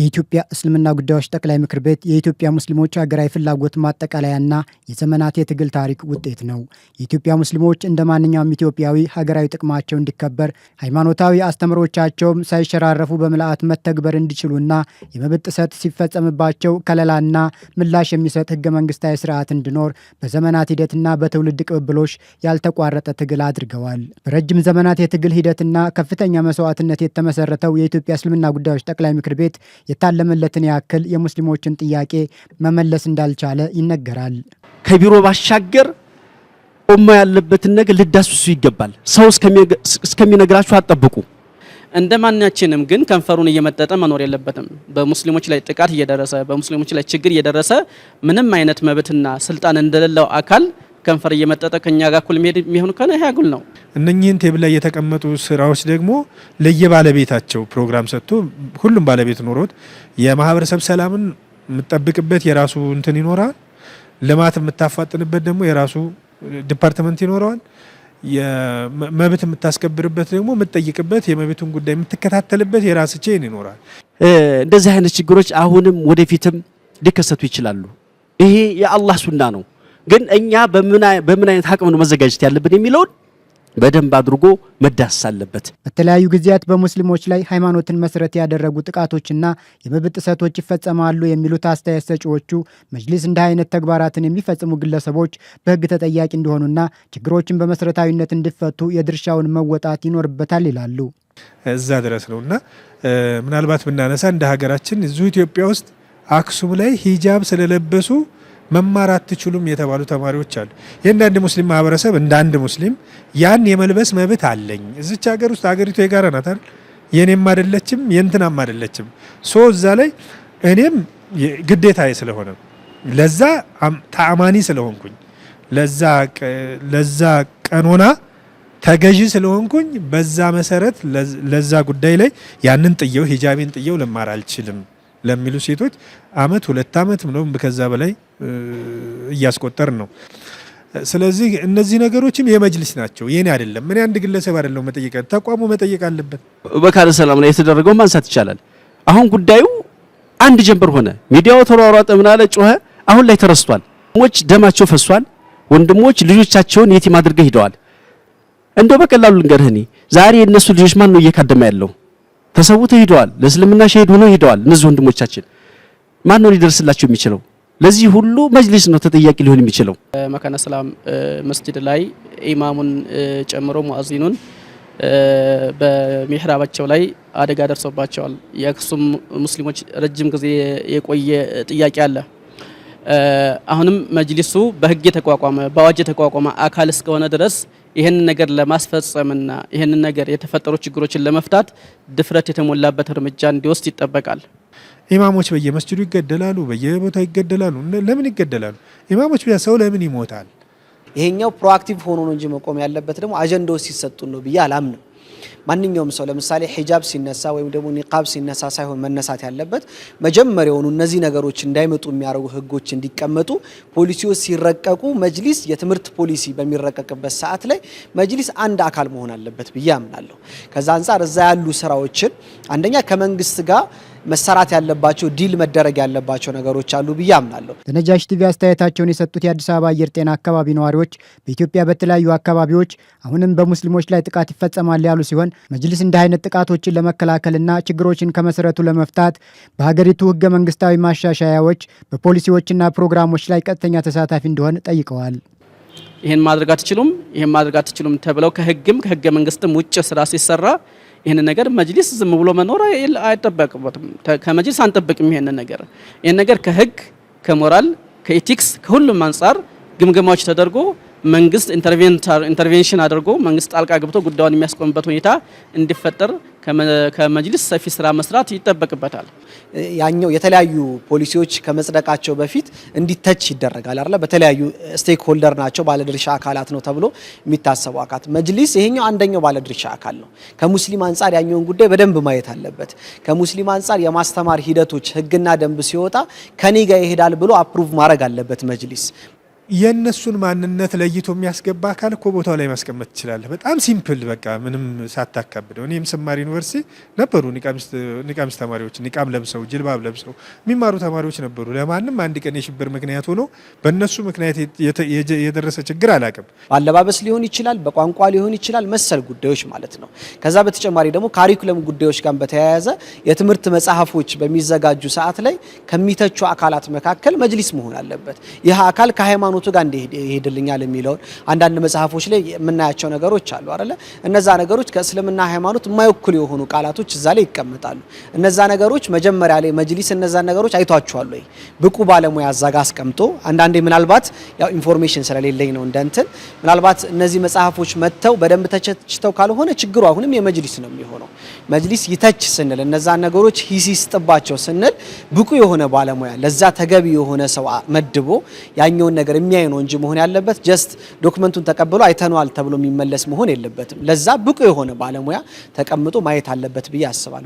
የኢትዮጵያ እስልምና ጉዳዮች ጠቅላይ ምክር ቤት የኢትዮጵያ ሙስሊሞች ሀገራዊ ፍላጎት ማጠቃለያና የዘመናት የትግል ታሪክ ውጤት ነው። የኢትዮጵያ ሙስሊሞች እንደ ማንኛውም ኢትዮጵያዊ ሀገራዊ ጥቅማቸው እንዲከበር፣ ሃይማኖታዊ አስተምሮቻቸውም ሳይሸራረፉ በምልአት መተግበር እንዲችሉና የመብት ጥሰት ሲፈጸምባቸው ከለላና ምላሽ የሚሰጥ ህገ መንግስታዊ ስርዓት እንዲኖር በዘመናት ሂደትና በትውልድ ቅብብሎች ያልተቋረጠ ትግል አድርገዋል። በረጅም ዘመናት የትግል ሂደትና ከፍተኛ መስዋዕትነት የተመሰረተው የኢትዮጵያ እስልምና ጉዳዮች ጠቅላይ ምክር ቤት የታለመለትን ያክል የሙስሊሞችን ጥያቄ መመለስ እንዳልቻለ ይነገራል። ከቢሮ ባሻገር ኦማ ያለበትን ነገር ልዳስሱ ይገባል። ሰው እስከሚነግራችሁ አጠብቁ። እንደ ማናችንም ግን ከንፈሩን እየመጠጠ መኖር የለበትም። በሙስሊሞች ላይ ጥቃት እየደረሰ በሙስሊሞች ላይ ችግር እየደረሰ ምንም አይነት መብትና ስልጣን እንደሌለው አካል ከንፈር እየመጠጠ ከኛ ጋር እኩል መሄድ የሚሆን ከሆነ ይሄ አጉል ነው። እነኚህን ቴብል ላይ የተቀመጡ ስራዎች ደግሞ ለየባለቤታቸው ፕሮግራም ሰጥቶ ሁሉም ባለቤት ኖሮት የማህበረሰብ ሰላምን የምጠብቅበት የራሱ እንትን ይኖራል። ልማት የምታፋጥንበት ደግሞ የራሱ ዲፓርትመንት ይኖረዋል። መብት የምታስከብርበት ደግሞ የምትጠይቅበት የመብቱን ጉዳይ የምትከታተልበት የራስ ቼን ይኖራል። እንደዚህ አይነት ችግሮች አሁንም ወደፊትም ሊከሰቱ ይችላሉ። ይሄ የአላህ ሱና ነው። ግን እኛ በምን አይነት አቅም ነው መዘጋጀት ያለብን የሚለውን በደንብ አድርጎ መዳሰስ አለበት። በተለያዩ ጊዜያት በሙስሊሞች ላይ ሃይማኖትን መሰረት ያደረጉ ጥቃቶችና የመብት ጥሰቶች ይፈጸማሉ የሚሉት አስተያየት ሰጪዎቹ መጅሊስ እንዲህ አይነት ተግባራትን የሚፈጽሙ ግለሰቦች በህግ ተጠያቂ እንዲሆኑና ችግሮችን በመሰረታዊነት እንዲፈቱ የድርሻውን መወጣት ይኖርበታል ይላሉ። እዛ ድረስ ነው እና ምናልባት ብናነሳ እንደ ሀገራችን እዚሁ ኢትዮጵያ ውስጥ አክሱም ላይ ሂጃብ ስለለበሱ መማር አትችሉም የተባሉ ተማሪዎች አሉ። ይህን አንድ ሙስሊም ማህበረሰብ እንደ አንድ ሙስሊም ያን የመልበስ መብት አለኝ። እዚች ሀገር ውስጥ ሀገሪቱ የጋራ ናት አይደል? የኔም አይደለችም የእንትናም አይደለችም። ሶ እዛ ላይ እኔም ግዴታዬ ስለሆነ ለዛ ተአማኒ ስለሆንኩኝ ለዛ ቀኖና ተገዢ ስለሆንኩኝ በዛ መሰረት ለዛ ጉዳይ ላይ ያንን ጥየው ሂጃቤን ጥየው ልማር አልችልም። ለሚሉ ሴቶች አመት ሁለት አመት ምንም ከዛ በላይ እያስቆጠር ነው። ስለዚህ እነዚህ ነገሮችም የመጅልስ ናቸው፣ የኔ አይደለም። እኔ አንድ ግለሰብ አይደለም መጠየቅ ተቋሙ መጠየቅ አለበት። በካለ ሰላም ላይ የተደረገው ማንሳት ይቻላል። አሁን ጉዳዩ አንድ ጀንበር ሆነ፣ ሚዲያው ተሯሯጠ፣ ምናለ ጮኸ። አሁን ላይ ተረስቷል። ወንድሞች ደማቸው ፈሷል። ወንድሞች ልጆቻቸውን የቲም አድርገው ሂደዋል። እንደው በቀላሉ ልንገርህ እኔ ዛሬ የእነሱ ልጆች ማን ነው እየካደመ ያለው? ተሰውተው ሂደዋል። ለእስልምና ሸሂድ ሆነው ሂደዋል። እነዚህ ወንድሞቻችን ማን ነው ሊደርስላቸው የሚችለው? ለዚህ ሁሉ መጅሊስ ነው ተጠያቂ ሊሆን የሚችለው። መካነ ሰላም መስጂድ ላይ ኢማሙን ጨምሮ ሙአዚኑን በሚሕራባቸው ላይ አደጋ ደርሶባቸዋል። የአክሱም ሙስሊሞች ረጅም ጊዜ የቆየ ጥያቄ አለ። አሁንም መጅሊሱ በህግ የተቋቋመ በአዋጅ የተቋቋመ አካል እስከሆነ ድረስ ይህንን ነገር ለማስፈጸምና ይህንን ነገር የተፈጠሩ ችግሮችን ለመፍታት ድፍረት የተሞላበት እርምጃ እንዲወስድ ይጠበቃል። ኢማሞች በየመስጅዱ ይገደላሉ፣ በየቦታው ይገደላሉ። ለምን ይገደላሉ ኢማሞች? ብቻ ሰው ለምን ይሞታል? ይሄኛው ፕሮአክቲቭ ሆኖ ነው እንጂ መቆም ያለበት ደግሞ አጀንዳዎች ሲሰጡን ነው ብዬ አላምንም። ማንኛውም ሰው ለምሳሌ ሂጃብ ሲነሳ ወይም ደግሞ ኒቃብ ሲነሳ ሳይሆን መነሳት ያለበት መጀመሪያውኑ እነዚህ ነገሮች እንዳይመጡ የሚያደርጉ ህጎች እንዲቀመጡ ፖሊሲዎች ሲረቀቁ መጅሊስ የትምህርት ፖሊሲ በሚረቀቅበት ሰዓት ላይ መጅሊስ አንድ አካል መሆን አለበት ብዬ አምናለሁ። ከዛ አንጻር እዛ ያሉ ስራዎችን አንደኛ ከመንግስት ጋር መሰራት ያለባቸው ዲል መደረግ ያለባቸው ነገሮች አሉ ብዬ አምናለሁ። ለነጃሽ ቲቪ አስተያየታቸውን የሰጡት የአዲስ አበባ አየር ጤና አካባቢ ነዋሪዎች በኢትዮጵያ በተለያዩ አካባቢዎች አሁንም በሙስሊሞች ላይ ጥቃት ይፈጸማል ያሉ ሲሆን መጅልስ እንዲህ አይነት ጥቃቶችን ለመከላከልና ችግሮችን ከመሰረቱ ለመፍታት በሀገሪቱ ህገ መንግስታዊ ማሻሻያዎች በፖሊሲዎችና ፕሮግራሞች ላይ ቀጥተኛ ተሳታፊ እንዲሆን ጠይቀዋል። ይህን ማድረግ አትችሉም፣ ይህን ማድረግ አትችሉም ተብለው ከህግም ከህገ መንግስትም ውጭ ስራ ሲሰራ ይህንን ነገር መጅሊስ ዝም ብሎ መኖር አይጠበቅበትም። ከመጅሊስ አንጠብቅም። ይህንን ነገር ይህን ነገር ከህግ ከሞራል ከኢቲክስ ከሁሉም አንጻር ግምገማዎች ተደርጎ መንግስት ኢንተርቬንሽን አድርጎ መንግስት ጣልቃ ገብቶ ጉዳዩን የሚያስቆምበት ሁኔታ እንዲፈጠር ከመጅልስ ሰፊ ስራ መስራት ይጠበቅበታል። ያኛው የተለያዩ ፖሊሲዎች ከመጽደቃቸው በፊት እንዲተች ይደረጋል አለ በተለያዩ ስቴክ ናቸው ባለድርሻ አካላት ነው ተብሎ የሚታሰቡ አካት መጅሊስ ይሄኛው አንደኛው ባለድርሻ አካል ነው። ከሙስሊም አንጻር ያኛውን ጉዳይ በደንብ ማየት አለበት። ከሙስሊም አንጻር የማስተማር ሂደቶች ህግና ደንብ ሲወጣ ከኔ ጋር ይሄዳል ብሎ አፕሩቭ ማድረግ አለበት መጅሊስ የእነሱን ማንነት ለይቶ የሚያስገባ አካል እኮ ቦታው ላይ ማስቀመጥ ትችላለህ። በጣም ሲምፕል፣ በቃ ምንም ሳታካብደው። እኔም ስማር ዩኒቨርሲቲ ነበሩ ኒቃምስ ተማሪዎች ኒቃም ለብሰው ጅልባብ ለብሰው የሚማሩ ተማሪዎች ነበሩ። ለማንም አንድ ቀን የሽብር ምክንያት ሆኖ በእነሱ ምክንያት የደረሰ ችግር አላቅም። በአለባበስ ሊሆን ይችላል፣ በቋንቋ ሊሆን ይችላል፣ መሰል ጉዳዮች ማለት ነው። ከዛ በተጨማሪ ደግሞ ካሪኩለም ጉዳዮች ጋር በተያያዘ የትምህርት መጽሐፎች በሚዘጋጁ ሰዓት ላይ ከሚተቹ አካላት መካከል መጅሊስ መሆን አለበት። ይህ አካል ከሃይማኖት ሃይማኖቱ ጋር እንዲሄድ ይሄድልኛል የሚለውን አንዳንድ መጽሐፎች ላይ የምናያቸው ነገሮች አሉ አይደለ? እነዛ ነገሮች ከእስልምና ሃይማኖት የማይወክሉ የሆኑ ቃላቶች እዛ ላይ ይቀመጣሉ። እነዛ ነገሮች መጀመሪያ ላይ መጅሊስ እነዛ ነገሮች አይቷቸዋል ወይ ብቁ ባለሙያ እዛ ጋር አስቀምጦ አንዳንዴ ምናልባት ያው ኢንፎርሜሽን ስለሌለኝ ነው እንደ ምናልባት እነዚህ መጽሐፎች መጥተው በደንብ ተቸችተው ካልሆነ ችግሩ አሁንም የመጅሊስ ነው የሚሆነው። መጅሊስ ይተች ስንል እነዛ ነገሮች ሂስ ይስጥባቸው ስንል ብቁ የሆነ ባለሙያ ለዛ ተገቢ የሆነ ሰው መድቦ ያኛውን ነገር የሚያይ ነው እንጂ መሆን ያለበት ጀስት ዶክመንቱን ተቀብሎ አይተነዋል ተብሎ የሚመለስ መሆን የለበትም። ለዛ ብቁ የሆነ ባለሙያ ተቀምጦ ማየት አለበት ብዬ አስባለሁ።